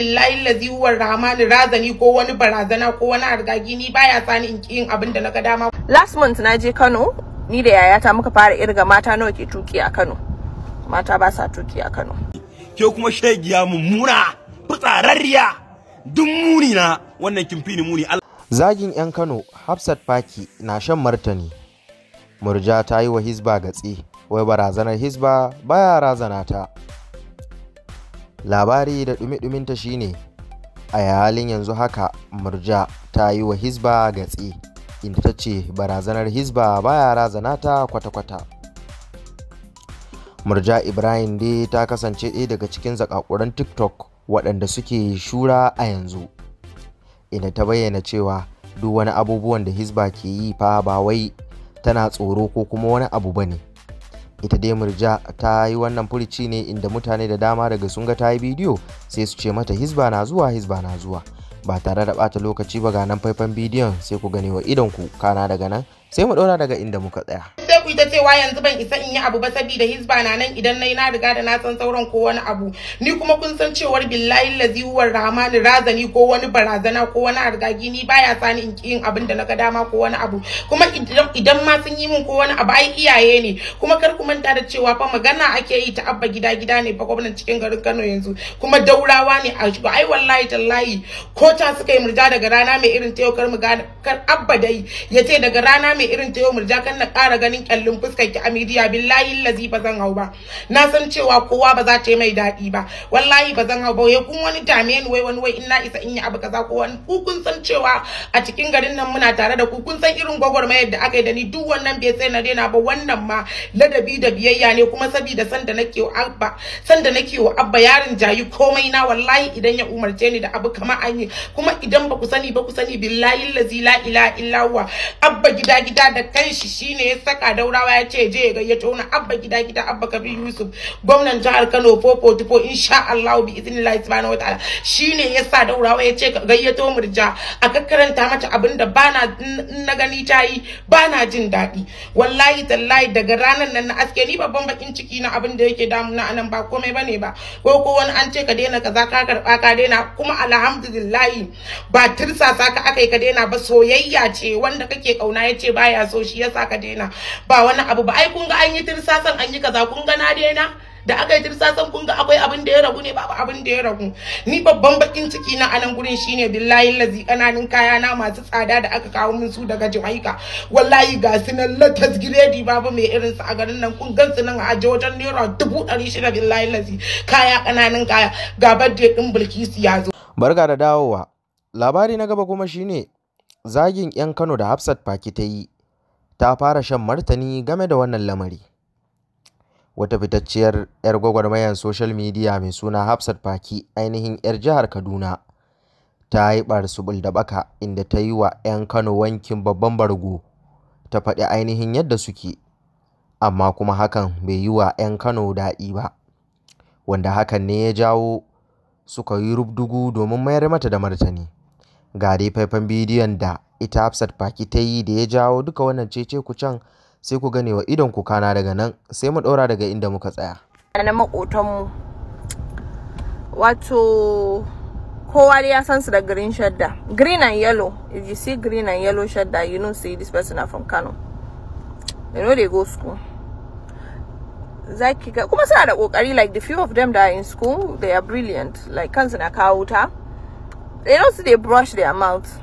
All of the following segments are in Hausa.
billahi lazi war rahmani razani ko wani barazana ko wani argagi ni baya sani in yin abin da na dama last month na je Kano ni da yayata muka fara irga mata nawa ke tuki a Kano mata ba sa tuki a Kano ke kuma shegiya mummuna fitsararriya duk muni na wannan kimfi ni muni zagin yan Kano Hafsat Faki na shan martani murja ta yi wa Hisba gatsi wai barazanar Hisba baya razana ta labari da ɗumiɗuminta shi shine a halin yanzu haka murja ta yi wa hizba gatsi inda ta ce barazanar hizba baya razana ta kwata-kwata murja ibrahim dai ta kasance ɗaya daga cikin zakakuran tiktok waɗanda suke shura a yanzu inda ta bayyana cewa duk wani abubuwan da hizba ke yi fa ba wai tana tsoro ko kuma wani abu ba ne ita dai murja ta yi wannan furici ne inda mutane da dama daga sun ga ta yi bidiyo sai su ce mata hizba na zuwa hizba na zuwa ba tare da bata lokaci ba ga nan faifan bidiyon sai ku gani wa idon ku kana daga nan sai mu ɗora daga inda muka tsaya ita ta cewa yanzu ban isa in yi abu ba saboda hizba na nan idan nayi na riga da na san sauran ko wani abu ni kuma kun san cewar billahi lazi huwar rahmani razani ko wani barazana ko wani argagi ni baya sani in yin abin da naga dama ko wani abu kuma idan ma sun yi min ko wani abu ai iyaye ne kuma kar ku manta da cewa fa magana ake yi ta abba gida gida ne fa gwamnan cikin garin Kano yanzu kuma daurawa ne a ai wallahi tallahi ko ta suka yi murja daga rana mai irin ta yau kar mu kar abba dai yace daga rana mai irin ta yau murja kan na kara ganin kallon fuskar ki a media billahi lazi ba zan hau ba na san cewa kowa ba za ta yi mai daɗi ba wallahi ba zan hau ba wai kun wani dame ni wai wani wai in isa in yi abu kaza ko wani ku kun san cewa a cikin garin nan muna tare da ku kun san irin gwagwarmayar da aka yi da ni duk wannan bai sai na daina ba wannan ma ladabi da biyayya ne kuma sabida san da nake wa abba san da nake abba yarin jayi komai na wallahi idan ya umarce ni da abu kama an yi kuma idan ba ku sani ba ku sani billahi lazi la ilaha illa abba gida gida da kanshi shine ya saka da Daurawa ya ce je ya gayyato na abba gida gida abba bi Yusuf gwamnan jihar Kano 444 insha Allah bi iznillah subhanahu wataala shine yasa Daurawa ya ce ka gayyato murja a kakkaranta mata abinda bana na gani tayi bana jin daɗi wallahi tallahi daga ranar nan na aske ni babban bakin ciki na abin da yake na anan ba komai bane ba ko ko wani an ce ka daina kaza ka karba ka daina kuma alhamdulillahi ba tirsasa ka akai ka daina ba soyayya ce wanda kake kauna yace baya so shi yasa ka daina ba wani abu ba ai kun ga an yi tirsasan an yi kaza kun ga na daina da aka yi tirsasan kun ga akwai abin da ya ragu ne babu abin da ya ragu ni babban bakin ciki na anan gurin shine billahi lazi kananin kaya na masu tsada da aka kawo min su daga Jamaica wallahi ga su nan latas giredi babu mai irin su a garin nan kun gan su nan a aje wajen naira dubu ɗari shida billahi lazi kaya kananin kaya ga birthday din Bilkisu ya zo barka da dawowa labari na gaba kuma shine zagin yan Kano da Hafsat Faki ta yi ta fara shan martani game da wannan lamari. Wata fitacciyar 'yar gwagwarmayar soshal midiya mai suna Hafsat Faki ainihin 'yar jihar Kaduna ta yi ɓarsubul da baka inda ta yi wa 'yan Kano wankin babban bargo ta faɗi ainihin yadda suke amma kuma hakan bai yi wa 'yan Kano daɗi ba wanda hakan ne ya jawo suka yi rubdugu domin mayar mata da martani ga dai faifan bidiyon da ita Hafsat baki ta yi da ya jawo duka wannan cece ku can sai ku gane wa idon ku kana daga nan sai mu ɗora daga inda muka tsaya. Na maƙotanmu wato kowa ya san su da green shadda green and yellow if you see green and yellow shadda you know say this person na from Kano they know they go school zaki ga kuma suna da kokari like the few of them that are in school they are brilliant like kansu na kawo ta they know say they brush their mouth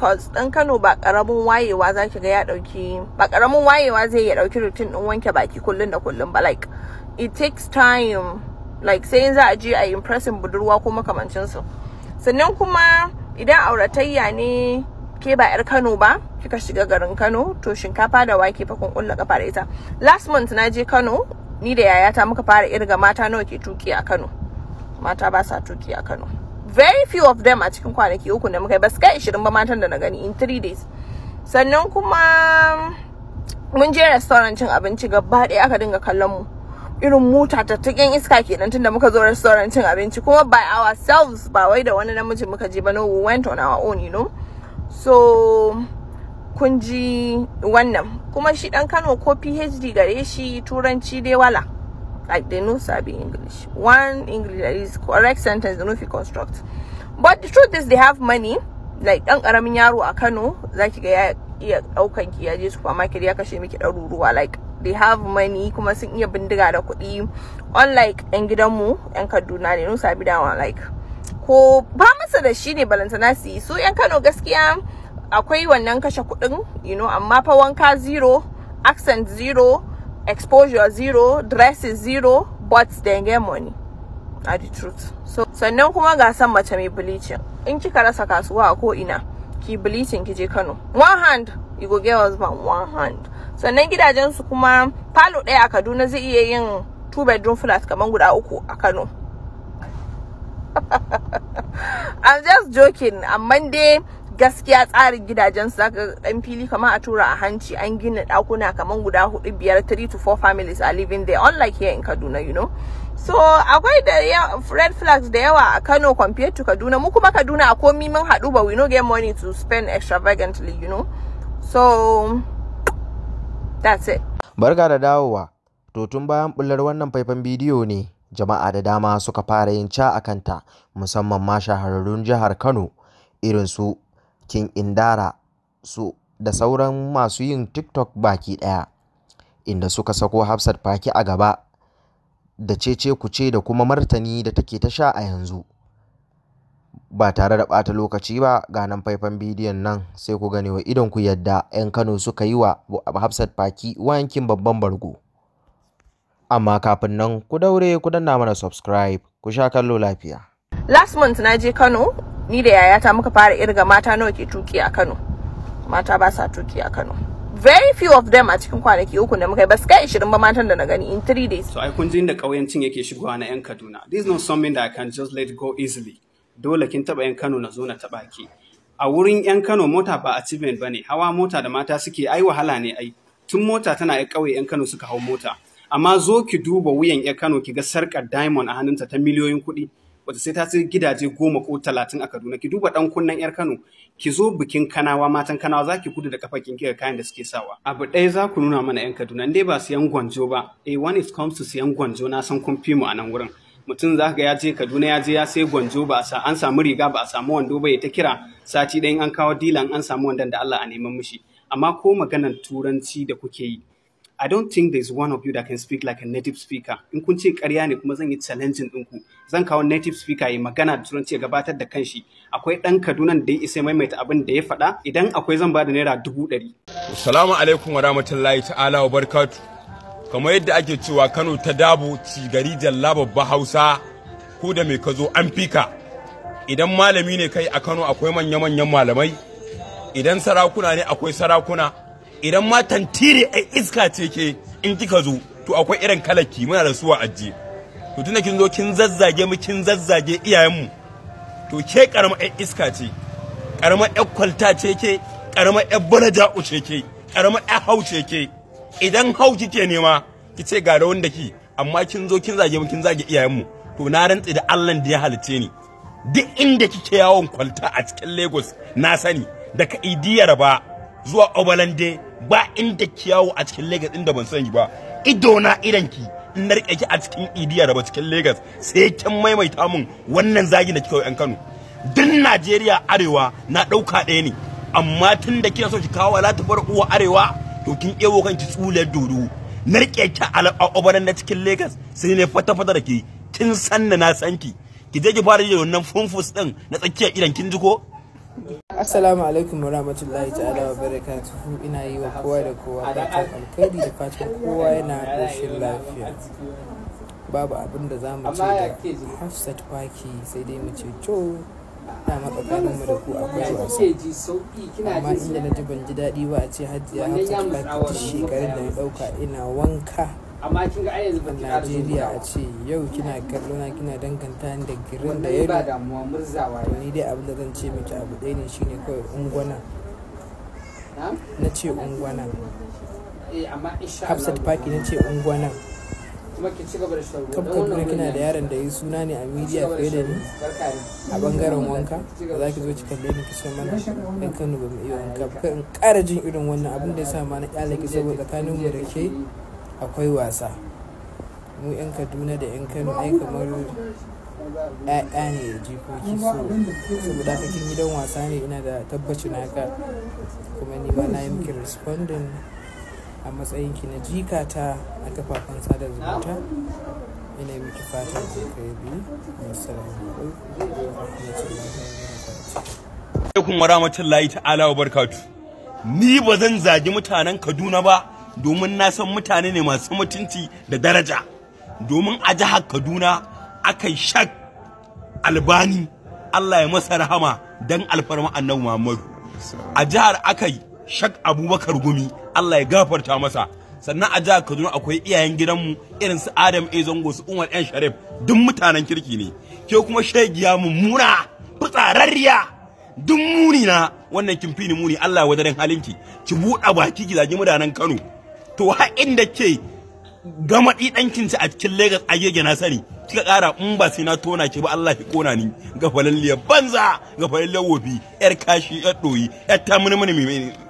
because dan Kano ba karamin wayewa zaki ga ya dauki ba karamin wayewa zai ya dauki rutin din wanke baki kullun da kullun ba like it takes time like sai za a je a impressing budurwa ko makamancin su sannan kuma idan auratayya ne ke ba yar Kano ba kika shiga garin Kano to shinkafa da wake fa kun kulla kafa da ita last month na je Kano ni da yayata muka fara irga mata nawa ke tuki a Kano mata ba sa tuki a Kano very few of them a cikin kwanaki uku da muka yi ba su kai ba matan da na gani in three days sannan kuma mun je restaurant cin abinci gaba ɗaya aka dinga kallon mu irin mota tukin iska ke nan tunda muka zo restaurant cin abinci kuma by ourselves ba wai da wani namiji muka je ba no we went on our own you know so kun ji wannan kuma shi dan Kano ko PhD gare shi turanci dai wala like they know sabi english one english that is correct sentence they know if you construct but the truth is they have money like dan karamin yaro a kano zaki ga ya iya daukan ki ya je supermarket ya kashe miki ɗaruruwa like they have money kuma sun iya bindiga da kuɗi unlike yan gidanmu yan kaduna ne no sabi da like ko ba masa da shi ne balantana su yi su yan kano gaskiya akwai wannan kashe kuɗin you know amma fa wanka zero accent zero exposure zero dress is zero but they get money at the truth so sannan kuma ga san mace mai bleaching in kika rasa kasuwa ko ina ki bleaching ki je Kano one hand you go get husband one hand sannan gidajen su kuma palo daya a Kaduna zai iya yin two bedroom flat kaman guda uku a Kano I'm just joking amma dai gaskiya tsarin gidajen su zaka dan fili kamar a tura a hanci an gina dakuna kamar guda hudu biyar three to four families are living there unlike here in Kaduna you know so akwai da red flags da yawa a Kano compared to Kaduna mu kuma Kaduna a komi mun hadu ba we no get money to spend extravagantly you know so that's it barka da dawowa to tun bayan bullar wannan faifan bidiyo ne jama'a da dama suka fara yin ca a kanta musamman ma shahararrun jihar Kano irin su King Indara su da sauran masu yin TikTok baki ɗaya, inda suka sako Hafsat Faki a gaba da cece ce da kuma martani da take ta sha a yanzu. Ba tare da ɓata lokaci ba ga nan faifan bidiyon nan sai ku gani wa idon ku yadda 'yan Kano suka yi wa Hafsat Faki wankin babban bargo. Amma kafin nan ku daure ku danna mana subscribe ku sha kallo lafiya. Last month na je Kano ni da yayata muka fara irga mata nawa ke tuki a Kano mata ba sa tuki a Kano very few of them a cikin kwanaki uku da muka yi ba su kai 20 ba matan da na gani in 3 days so ai kun ji inda kauyancin yake shigowa na yan Kaduna this is not something that I can just let go easily dole kin taba yan Kano na zo na taba ki a wurin yan Kano mota ba achievement bane hawa mota da mata suke ai wahala ne ai tun mota tana yan kauye yan Kano suka hau mota amma zo ki duba wuyan yan Kano ki ga sarkar diamond a hannunta ta miliyoyin kuɗi wata sai ta sai gidaje goma ko talatin a Kaduna ki duba dan kunnen yar Kano ki zo bikin Kanawa matan Kanawa za ki gudu da kafa kin kira kayan da suke sawa abu ɗaya za ku nuna mana yan Kaduna in ba siyan gwanjo ba eh when it comes to siyan gwanjo na san kun fi mu a nan wurin mutum za ga ya je Kaduna ya je ya sai gwanjo ba sa an samu riga ba a samu wando ba ya ta kira sati ɗayan an kawo dilan an samu wandon da Allah a neman mishi amma ko maganar turanci da kuke yi I don't think there's one of you that can speak like a native speaker. In kun ce ƙarya ne kuma zan yi challenging ku. Zan kawo native speaker ya magana da turanci ya gabatar da kanshi. Akwai ɗan Kaduna da ya isa maimaita abin da ya faɗa idan akwai zan ba da naira dubu ɗari. Assalamu alaikum wa rahmatullahi ta'ala wa barkatu. Kamar yadda ake cewa Kano ta dabo gari jalla babba Hausa ko da mai ka zo an fika. Idan malami ne kai a Kano akwai manya-manyan malamai. Idan sarakuna ne akwai sarakuna. idan matan tiri ai iska ce ke in kika zo to akwai irin kalaki muna da suwa a ajiye to tunda kin zo kin zazzage mu kin zazzage iyayenmu to ke karama ai iska ce karama ai kwalta ce ke karama ai balaja ce ke karama ai hau ce ke idan hau kike nema ki ce ga da wanda ki amma kin zo kin zage mu kin zage iyayenmu to na rantse da Allah da ya halice ni duk inda kike yawon kwalta a cikin Lagos na sani daga idiyar ba zuwa obalande ba inda kiyawo a cikin lagos inda ban sani ba ido na idan in na ki a cikin idiya da ba cikin lagos sai kin maimaita mun wannan zagi da kika yan kano din najeriya arewa na ɗauka ɗaya ne amma tun da kina so ki kawo ta bar uwa arewa to kin ewo kanki tsule dodo na rike ki a obalande cikin legas sai ne fata fata da ke kin san na san ki ki je ki fara yin wannan funfus din na tsakiyar idan kin ji ko Assalamu alaikum warahmatullahi ta'ala wa barakatuhu ina yi wa kowa da kowa ta alkhairi da fatan kowa yana koshin lafiya. Babu abin da za mu ce da Hafsat kwaki sai dai mu ce co na makakarin mu da ku akwai wasu Amma inda na ji ban ji daɗi ba a ce hajji ya Hafsat kwaki shekarun da na ɗauka ina wanka. amma kin ga yanzu ban Najeriya a ce yau kina kallo na kina danganta da girin da ya ba damuwa murzawa ni dai abin da zan ce miki abu ɗaya ne shine kawai ungwana na ce ungwana eh amma insha Allah Hafsat Faki na ce ungwana kuma ki ci gaba da shan kina da yaran da yi suna ne a media fiye da ni a bangaren wanka ba za ki zo ki kalle ni ki ce mana dan Kano ba mu iya wanka kan ƙara jin irin wannan abin da ya sa ma na kyale ki saboda tsakanin mu da ke akwai wasa mu 'yan kaduna da 'yan kano ai kamar ya'ya ne da jikoki so saboda haka kin gidan wasa ne ina da tabbacin haka kuma ni ma na yi miki responding a matsayin ki na jikata a kafafen sada zumunta ina miki fatan ku kai biyu alaikum wa rahmatullahi ta'ala wa barkatu ni ba zan zagi mutanen kaduna ba domin na san mutane ne masu mutunci da daraja domin a jihar kaduna aka yi shak albani allah ya masa rahama don alfarma annabi muhammadu a jihar aka yi shak abubakar gumi allah ya gafarta masa sannan a jihar kaduna akwai iyayen gidanmu irin su adam a zango su umar yan sharif duk mutanen kirki ne ke kuma shagiya mummuna fitsararriya duk muni na wannan kin ni muni allah ya wadarin halinki ki buɗa baki ki zagi mutanen kano to har inda ke gama ɗankin a cikin Lagos a yage na sani kika ƙara in ba sai na tona ki ba Allah ki kona ni ga falalliyar banza ga falalliyar wofi yar kashi yar doyi yar ta mini mini